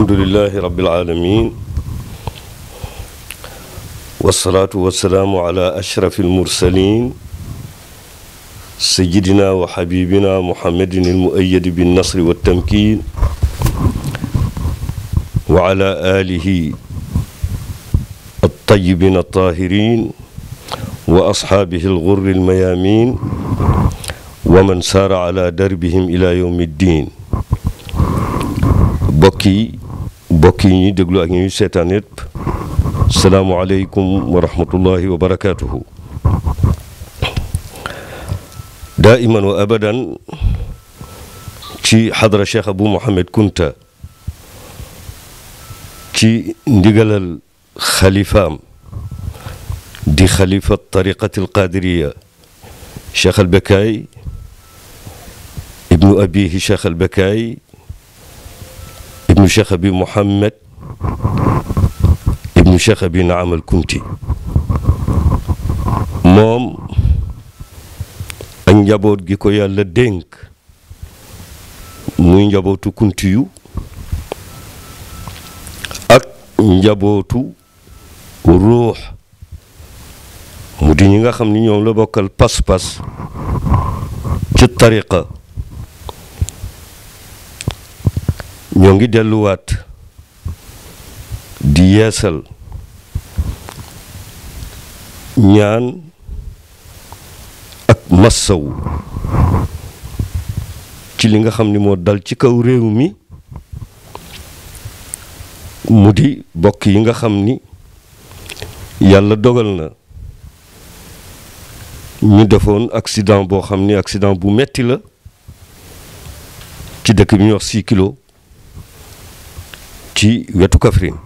الحمد لله رب العالمين والصلاة والسلام على أشرف المرسلين سيدنا وحبيبنا محمد المؤيد بالنصر والتمكين وعلى آله الطيبين الطاهرين وأصحابه الغر الميامين ومن سار على دربهم إلى يوم الدين بكي بكيني دغلو اك ني سيتانيت السلام عليكم ورحمه الله وبركاته دائما وابدا تي حضره الشيخ ابو محمد كنت تي ندغال الخليفه دي خليفه طريقه القادريه شيخ البكاي ابن ابيه شيخ البكاي ابن شخبي محمد ابن شخبي نعم الكنتي موم ان جابوت جيكو يالا دينك موي جابوتو كنتيو اك جابوتو روح مودي نيغا خامني نيوم لا بوكال باس باس ci tariqa ñoo ngi delluwaat di yeesal ñaan ak massawu ci li nga xam ni moo dal ci kaw réew mi mu di bokk yi nga xam ni yàlla dogal na ñu defoon accident boo xam ni accident bu metti la ci dëkk bi ñu wax six kilo ci wetu Kaffrine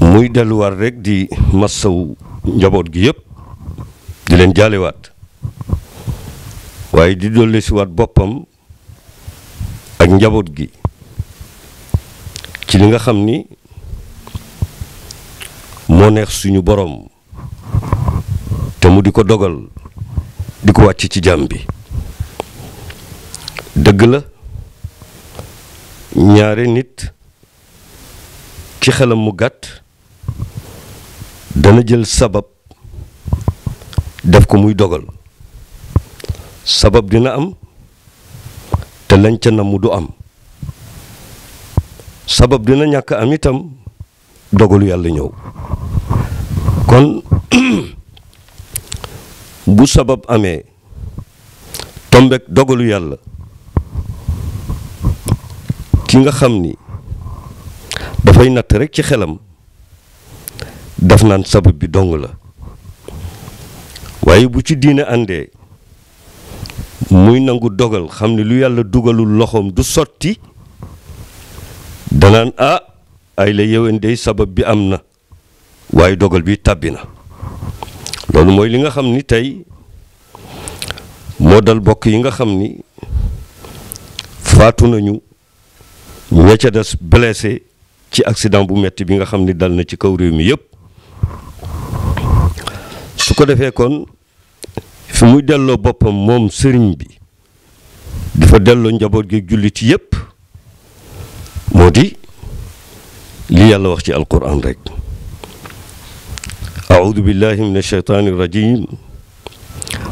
muy war rek di massaw njabot gi yeb di jale wat waye di dolle ci wat bopam ak njabot gi ci li nga xamni ni neex suñu borom te mu di ko dogal di wacc ci jambi deug la ñaare nit ci xelam mu gàtt dana jël sabab def ko muy dogal sabab dina am te lañ ca namm du am sabab dina ñàkk am itam dogalu yàlla ñëw kon bu sabab amee tombek dogalu yàlla ki nga xam ni dafay natt rekk ci xelam daf naan sabab bi dong la waaye bu ci diine àndee muy nangu dogal xam ni lu yàlla dugalul loxoom du sotti danaan ah ay la yewén day sabab bi am na waaye dogal bi tàbbi na loolu mooy li nga xam ni tey moo dal bokk yi nga xam ni faatu nañu وجدت بلاسي تي اكسيدان بو ميتي بيغا خامني دال نا تي كاو ريومي ييب سوكو دافي كون في موي ديلو بوبام موم سيرين بي دافا ديلو نجابوت جي جولي تي ييب مودي لي يالا واخ تي القران ريك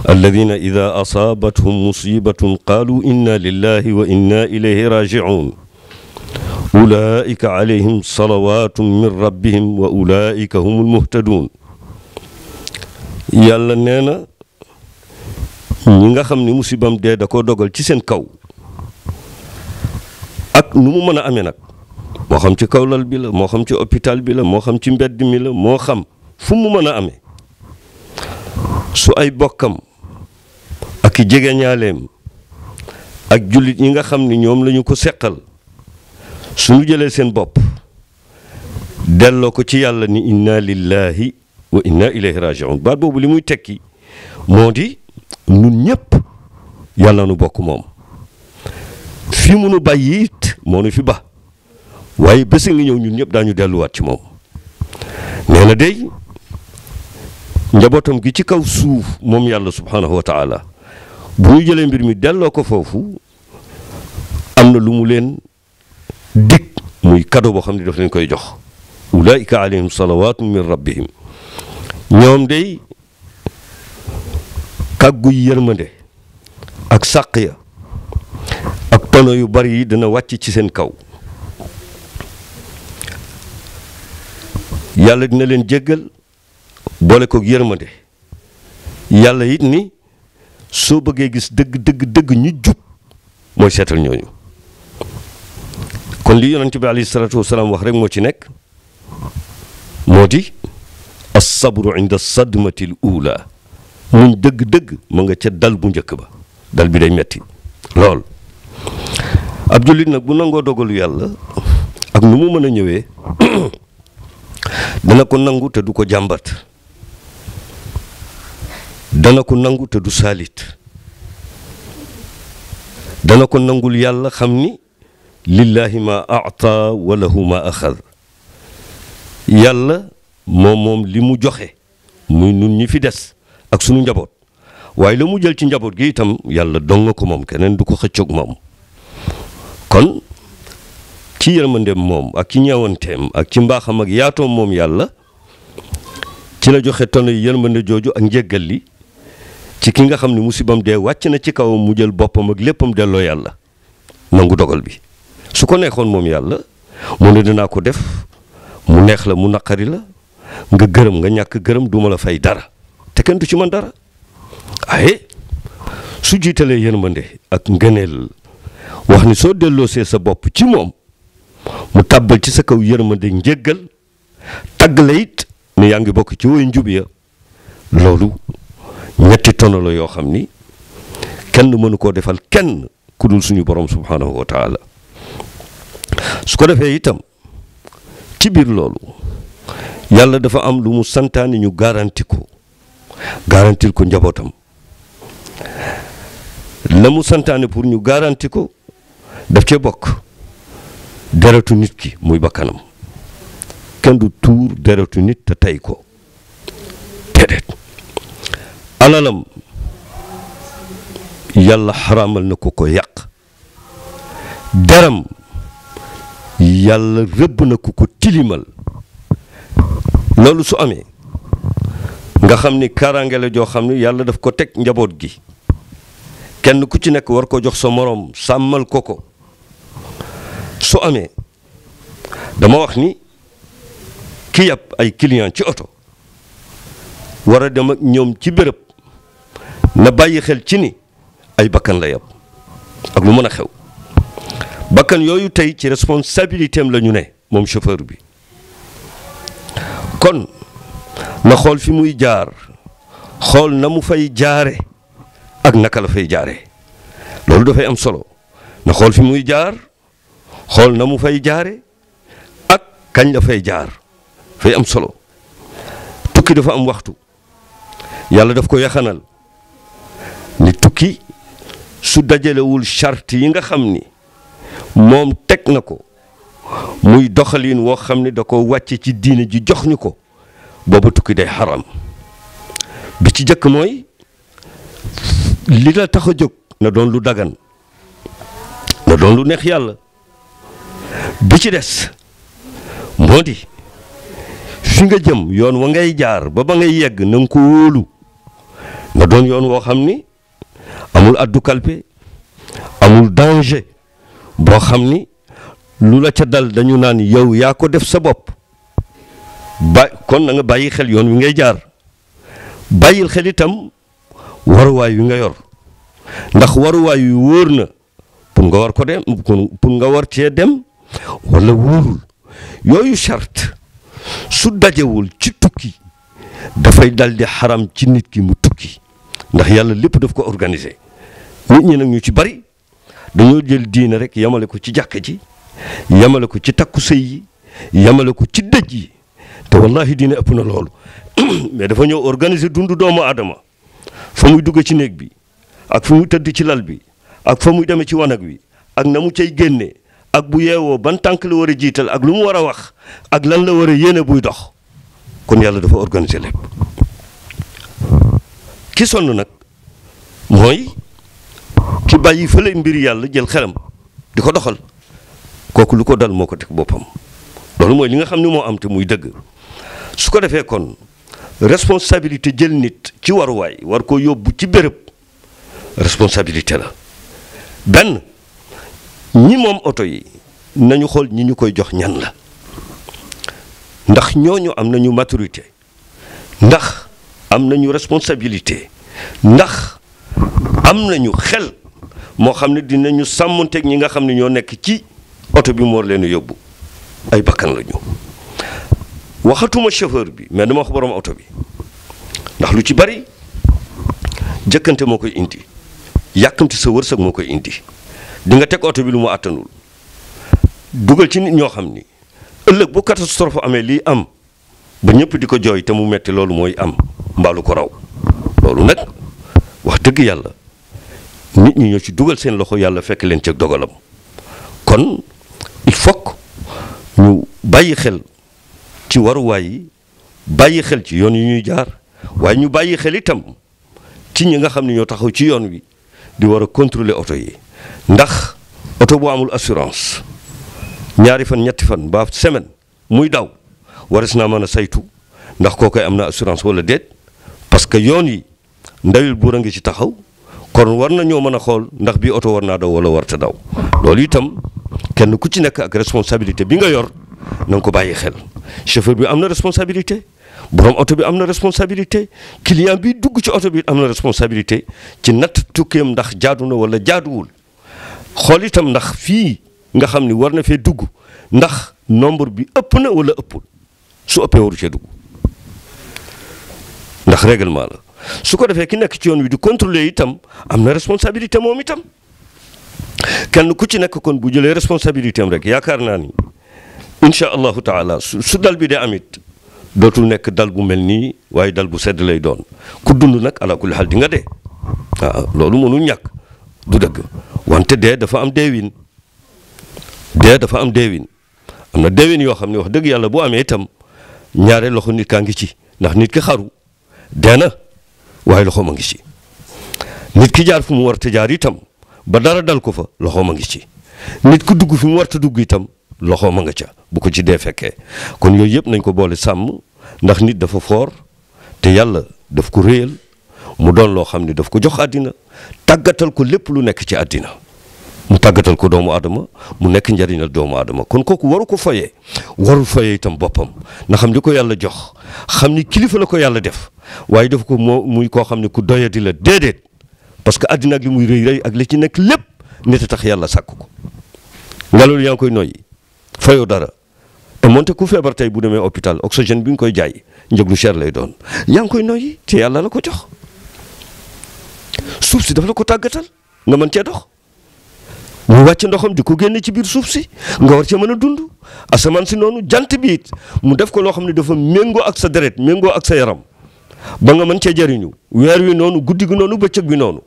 الذين اذا اصابتهم مصيبه قالوا انا لله وانا اليه راجعون ulaika alayhim salawatu min rabbihim wa ulaika humul muhtadun yàlla nee na ñi nga xam ni musibam dee da ko dogal ci seen kaw ak nu mu mën a amee nag moo xam ci kawlal bi la moo xam ci hôpital bi la moo xam ci mbedd mi la moo xam fu mu mën a ame su ay bokkam ak i jegeñaaleem ak jullit ñi nga xam ni ñoom lañu ko seqal suñu jëlee seen bopp delloo ko ci yàlla ni inna lillahi wa inna ilayhi rajiun baat boobu li muy tekki moo di nun ñëpp yàlla nu bokk moom fi mu nu bàyyi it moo nu fi ba waaye bés ngi ñëw ñun ñëpp daañu delluwaat ci moom nee na day njabootam gi ci kaw suuf moom yàlla subhaanahu wa taala bu ñu jëlee mbir mi delloo ko foofu am na lu mu leen dig muy kado boo xam ne daf leen koy jox ulaika alayhim salawatun min rabbihim ñoom day kàggu yërmande ak sàq ya ak pono yu bari yi dana wàcc ci seen kaw yàlla dina leen jéggal boole ko yërmande yàlla it ni soo bëggee gis dëgg dëgg dëgg ñu jub mooy seetal ñooñu kon li yonent bi alayhi salaatu wasalaam wax rek moo ci nekk moo di as-sabru inda sadmati l ula muñ dëgg-dëgg mu nga ca dal bu njëkk ba dal bi day metti lool ab jullit nag bu nangoo dogalu yàlla ak nu mu mën a ñëwee dana ko nangu ko jàmbat dana ko nangu te du saalit dana ko nangul yàlla xam ni lillahi ma ata wa lahu ma axad yàlla moom moom li mu joxe muy nun ñi fi des ak sunu njaboot waaye la mu jël ci njaboot gi itam yàlla dong nga ko moom keneen du ko xëccoog moom kon ci yërmandeem moom ak ci ñeewanteem ak ci mbaaxam ak yaatoo moom yàlla ci la joxe ton yi yërmande jooju ak njéggal li ci ki nga xam ne musibam dee wàcc na ci kawam mu jël boppam ak léppam delloo yàlla nangu dogal bi su ko neexoon moom yàlla mu ne dinaa ko def mu neex la mu naqari la nga gërëm nga ñàkk gërëm duma la fay dara te kenn du ci man dara aye su jiitalee yërmande ak ngëneel wax ni soo delloo see sa bopp ci moom mu tàbbal ci sa kaw yërmande njëggal tagg la it ne yaa ngi bokk ci woy njub ya loolu ñetti tono la yoo xam ni kenn mënu koo defal kenn ku dul suñu borom subhanahu wa su ko defee itam ci biir loolu yàlla dafa am lu mu santaane ñu garanti ko garantil ko njabootam la mu santaane pour ñu garanti ko daf cee bokk deretu nit ki muy bakkanam kenn du tuur deretu nit te tey ko déedéet alalam yàlla xaraamal na ko ko yàq deram yàlla rëbb na ku ko tilimal loolu su amee nga xam ni kaaraange joo xam ni yàlla daf ko teg njaboot gi kenn ku ci nekk war koo jox sa moroom sàmmal ko ko su amee dama wax ni ki yàpp ay client ci oto war a dem ak ñoom ci bërëb na bàyyi xel ci ni ay bakkan la yàpp ak lu mën a xew bakkan yooyu tey ci responsabilité am la ñu ne moom chauffeur bi kon na xool fi muy jaar xool na mu fay jaare ak naka la fay jaare loolu dafay am solo na xool fi muy jaar xool na mu fay jaare ak kañ la fay jaar fay am solo tukki dafa am waxtu yàlla daf ko yaxanal ni tukki su dajalewul charte yi nga xam ni moom teg na ko muy doxalin woo xam ne da ko wàcce ci diine ji jox ñu ko booba tukki day xaram bi ci jëkk mooy li la tax a jóg na doon lu dagan na doon lu neex yàlla bi ci des moo di fi nga jëm yoon wa ngay jaar ba ba ngay yegg na ko wóolu na doon yoon woo xam ni amul addu kalpe amul danger boo xam ni lu la ca dal dañu naan yow yaa ko def sa bopp ba kon na bàyyi xel yoon wi ngay jaar bàyyil xel itam waruwaay wi nga yor ndax waruwaay wi wóor na pour nga war ko dem pour nga war cee dem wala wóorul yooyu charte su dajewul ci tukki dafay daldi di xaram ci nit ki mu tukki ndax yàlla lépp daf ko organiser nit ñi nag ñu ci bari dañoo jël diine rek yamale ko ci jàkka ji yamale ko ci takku sëy yi yamale ko ci dëj yi te wallahi diine ëpp na loolu mais dafa ñëw organiser dundu doomu aadama fa muy dugg ci néeg bi ak fa mu tëdd ci lal bi ak fa muy demee ci wanag wi ak na mu cay génne ak bu yeewoo ban tànk la war a jiital ak lu mu war a wax ak lan la war a yéene buy dox kon yàlla dafa organise lépp ki sonn nag mooy ki bàyyi fële mbir yàlla jël xelam di ko doxal kooku lu ko dal moo ko teg boppam loolu mooy li nga xam ne moo am te muy dëgg su ko defee kon responsabilité jël nit ci waruwaay war koo yóbbu ci béréb responsabilité la benn ñi moom oto yi nañu xool ñi ñu koy jox ñan la ndax ñooñu am nañu maturité ndax am nañu responsabilité ndax am na ñu xel moo xam ne dina ñu sàmmanteeg ñi nga xam ne ñoo nekk ci oto bi moo leen yóbbu ay bakkan lañu waxatuma chauffeur bi mais dama wax borom oto bi ndax lu ci bari jëkkante moo koy indi yàkkamti sa wërsëg moo koy indi di nga teg oto bi lu mu àttanul dugal ci nit ñoo xam ni ëllëg bu catastrophe amee lii am ba ñëpp di ko jooy te mu metti loolu mooy am mbaalu ko raw loolu nag wax dëgg yàlla nit ñi ñoo ci dugal seen loxo yàlla fekk leen ca dogalam kon il faut que ñu bàyyi xel ci waruwaay yi bàyyi xel ci yoon yi ñuy jaar waaye ñu bàyyi xel itam ci ñi nga xam ne ñoo taxaw ci yoon wi di war a contrôler oto yi ndax oto boo amul assurance ñaari fan ñetti fan mbaa semaine muy daw waris naa mën a saytu ndax koo koy am na assurance wala déet parce que yoon yi ndawil buur a ngi ci taxaw kon war na ñoo mën a xool ndax bii oto war naa daw wala warta daw loolu itam kenn ku ci nekk ak responsabilité bi nga yor na ko bàyyi xel chauffeur bi am na responsabilité borom oto bi am na responsabilité client bi dugg ci oto bii am na responsabilité ci natt tukkeem ndax jaadu na wala jaaduwul xool itam ndax fii nga xam ni war na fee dugg ndax nombre bi ëpp na wala ëpp su ëppee waru cee dugg ndax réglement la su ko defee ki nekk ci yoon wi di contrôler itam am na responsabilité moom itam kenn ku ci nekk kon bu jëlee responsabilité rek yaakaar naa ni incha allahu taala su dal bi dee amit dootul nekk dal bu mel nii waaye dal bu sedd lay doon ku dund nag ala kulli xaal di nga dee waaw ah, loolu mënul ñàkk du dëgg wante dee dafa am deewin dee dafa am deewin am na deewin yoo xam ne wax dëgg yàlla bu amee itam ñaare loxo nit kaa ngi ci ndax nit ki xaru dee waaye loxoom a ngi ci nit ki jaar fu mu war jaar itam ba dara dal ko fa loxoom a ngi ci nit ku dugg fi mu war te dugg itam loxoom a nga ca bu ko ci dee fekkee kon yooyu yëpp nañ ko boole sàmm ndax nit dafa foor te yàlla daf ko réyal mu doon loo xam ni daf ko jox àddina tàggatal ko lépp lu nekk ci àddina mu tàggatal ko doomu aadama mu nekk njëriñal doomu aadama kon kooku waru ko fayee warul fayee itam boppam na xam li ko yàlla jox xam ni kilifa la ko yàlla def waaye def ko moo muy koo xam ne ku doya di la déedéet parce que àddina ak li muy rëy rëy ak li ci nekk lépp nit tax yàlla sàkk ko nga loolu yaa ngi koy noyyi fayoo dara te moonte ku feebar tey bu demee hôpital oxygène bi nga koy jaay njëg lu cher lay doon yaa ngi koy noyyi te yàlla la ko jox suuf si dafa la ko tàggatal nga mën cee dox mu wacc ndoxam di ko genn ci biir suuf si nga war ci mën dund asaman si nonu jant bi it mu def ko lo xamni dafa mengo ak sa deret mengo ak sa yaram ba nga man ci jariñu wer wi nonu guddi gi nonu bëccëg bi nonu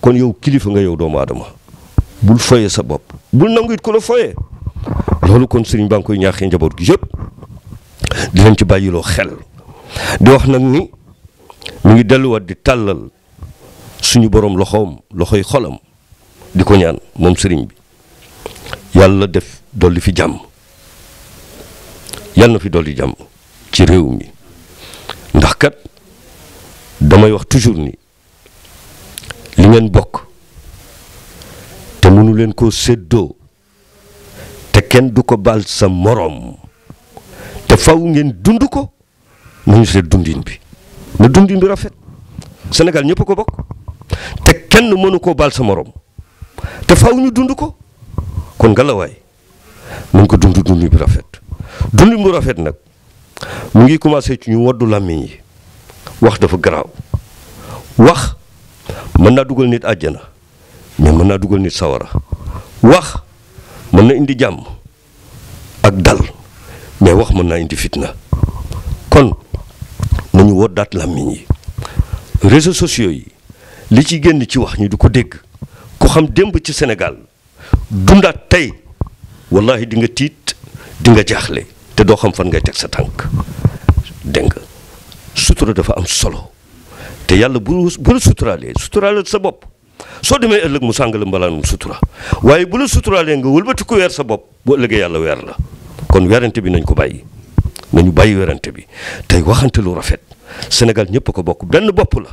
kon yow kilifa nga yow doomu adama bul foye sa bop bul nangu it ku la foyee kon serigne baa ngi koy ñaaxee njaboot gi yépp di len ci lo xel di wax nak ni mi ngi wat di talal suñu borom loxom loxoy xolam. di ko ñaan moom sëriñ bi yàlla def dolli fi jàmm yàlla na fi dolli jàmm ci réew mi ndax kat damay wax toujours ni li ngeen bokk te mënu leen koo seddoo te kenn du ko baal sa moroom te faw ngeen dund ko nañu seet dundin bi na dundin bi rafet senegal ñëpp ko bokk te kenn mënu koo baal sa moroom te faw ñu dund ko kon ngalawaay nañ ko dund dund bi rafet dund bu rafet nag mu ngi commencé ci ñu woddu làmmiñ yi wax dafa garaaw wax mën naa dugal nit àjjana mais mën naa dugal nit sawara wax mën na indi jàmm ak dal mais wax mën naa indi fitna kon nañu woddaat làmmiñ yi réseaux sociaux yi li ci génn ci wax ñi du ko dégg ku xam Senegal, ci senegal tay wallahi di nga tit di nga jaxlé té do xam fan ngay tek sa tank deng sutura dafa am solo té yalla bu bu la suturaalee suturaalee sa bop so démé ëlëk mu sangal mbalan sutura waaye bu la suturaalee nga wëlbati ko wër sa bop bu ëllëgee yalla wër la kon werante bi nañ ko bayyi nañu bayyi werante bi tay waxante lu rafet senegal ñëpp ko bokku benn bop la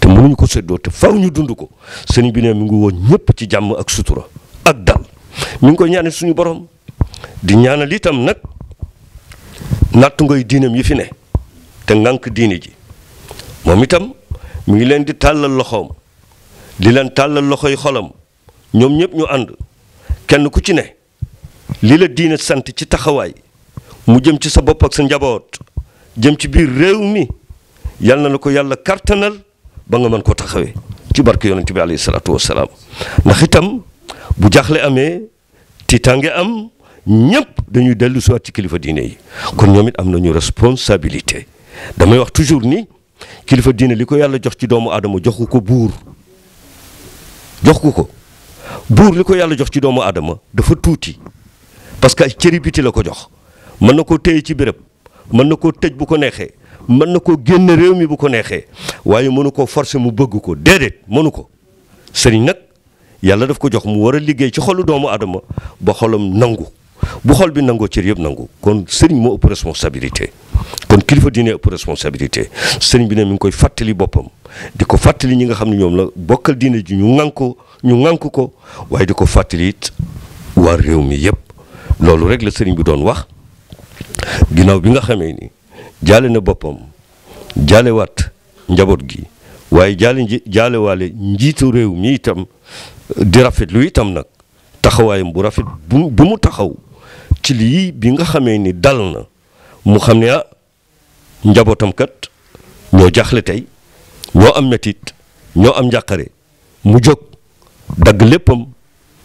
te mënuñu ko séddoo te faaw ñu dund ko sëriñ bi ne mi ngi woon ñëpp ci jàmm ak sutura ak dal mi ngi ko ñaanal suñu borom di ñaanal itam nag nattu ngoy diinam yi fi ne te ngànk diine ji moom itam mu ngi leen di tàllal loxoom di leen tàllal loxoy xolam ñoom ñëpp ñu ànd kenn ku ci ne li la diina sant ci taxawaay mu jëm ci sa bopp ak sa njaboot jëm ci biir réew mi yal na la ko yàlla kartanal ba nga mën ko taxawee ci barke yonent bi alayhi salaatu wasalaam ndax itam bu jaaxle amee tiitaange am ñëpp dañuy dellu siwaat ci kilifa diine yi kon ñoom it am nañu responsabilité damay wax toujours ni kilifa diine li ko yàlla jox ci doomu aadama jox ko buur jox ko buur li ko yàlla jox ci doomu aadama dafa tuuti parce que cëri biti la ko jox mën na koo téye ci béréb mën na koo tëj bu ko neexee mën na ko génn réew mi bu ko neexee waaye mënu ko forcer mu bëgg ko déedéet mënu ko sëriñ nag yàlla daf ko jox mu war a liggéey ci xolu doomu adama ba xolam nangu bu xol bi nangoo cër yëpp nangu kon sëriñ moo ëpp responsabilité kon kilifa diine ëpp responsabilité sëriñ bi ne mi ngi koy fàttali boppam di ko fàttali ñi nga xam ne ñoom la bokkal diine ji ñu ŋànk ko ñu ŋànk ko waaye di ko fàttali it waa réew mi yëpp loolu rek la sëriñ bi doon wax ginnaaw bi nga xamee ni jaale na boppam jaalewaat njaboot gi waaye jaale jaalewaale njiitu réew mi itam di rafetlu itam nag taxawaayam bu rafet bu mu taxaw ci lii bi nga xamee ni dal na mu xam ne ah njabootam kat ñoo jaxle tey ñoo am metit ñoo am njàqare mu jóg dagg léppam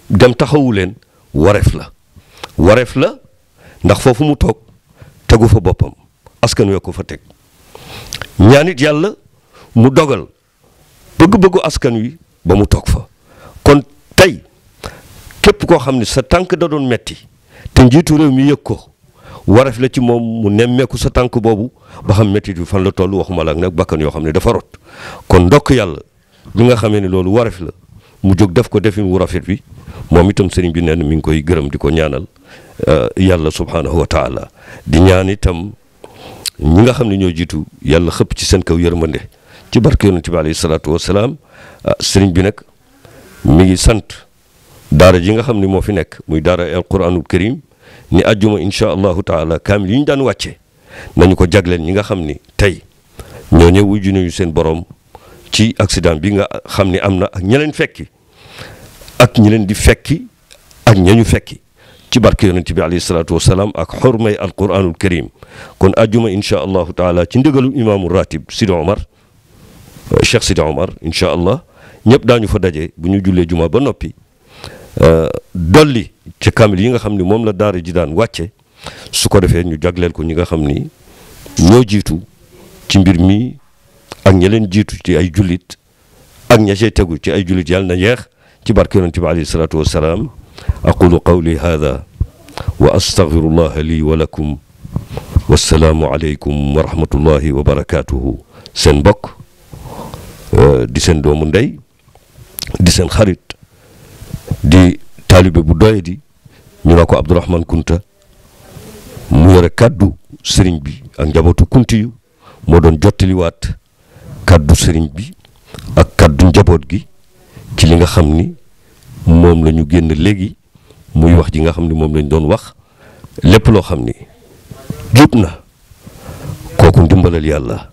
dem taxawu leen wareef la wareef la ndax foofu mu toog tegu fa boppam askan wee ko fa teg ñaanit yàlla mu dogal bëgg-bëggu askan wi ba mu toog fa kon tey képp koo xam ne sa tànk da doon metti te njiitu réew mi yëg ko waraf la ci moom mu nemmeeku sa tànk boobu ba xam metti bi fan la toll waxuma la ak nag bakkan yoo xam ne dafa rot kon ndokk yàlla bi nga xamee ne loolu waraf la mu jóg def ko defin wu rafet bi moom itam sëriñ bi neen mi ngi koy gërëm di ko ñaanal euh, yàlla subhanahu wa di ñaan itam ñi nga xam ne ñoo jiitu yàlla xëpp ci seen kaw yërmande ci barke yonent bi alayhi salaatu wasalaam ah, sëriñ bi nag mi ngi sant daara ji nga xam ne moo fi nekk muy daara alquranul karim ni ajjuma incha allahu taala kaamil yu ñu daan wàcce nañu ko jagleel ñi nga xam ni tey ñoo ñëw wujju nañu seen boroom ci accident bi nga xam ni am na ak ña fekki ak ñi di fekki ak ñañu fekki ci barke yonent bi alayhi salaatu wasalaam ak xormay alquranul karim kon ajuma incha allahu taala ci ndigalu imaamu ratib Sidi Omar Cheikh Sidi Omar incha allah ñëpp daañu fa daje bu ñu jullee juma ba noppi euh, dolli ci kamil yi nga xam ni moom la daara ji daan wàcce su ko defee ñu jagleel ko ñi nga xam ni ñoo jiitu ci mbir mi ak ña jiitu ci ay jullit ak ña tegu ci ay jullit yàlla na yeex ci barke yonent bi alayhi salaatu wasalaam aqulu qawli hada wa astaghfirullaha lii wa lakum wassalaamu aleykum wa rahmatullahi wa barakaatuhu seen mbokk di seen doomu ndey di seen xarit di taalibe bu doye di ñu ne ko Abdourahmane Kunta mu yore kàddu sëriñ bi ak njabootu kunti doon jottaliwaat kàddu sëriñ bi ak kàddu njaboot gi ci li nga xam ni moom la ñu génn léegi muy wax ji nga xam ni moom lañu doon wax lépp loo xam ni jub na kooku ndimbalal yàlla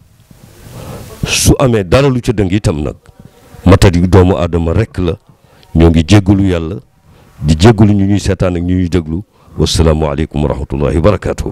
su amee dara lu ca dëng itam nag matadi doomu aadama rekk la ñoo ngi jéggalu yàlla di jéggalu ñu ñuy seetaan ak ñu ñuy déglu wasalaamualeykum wa rahmatullahi barakaatu.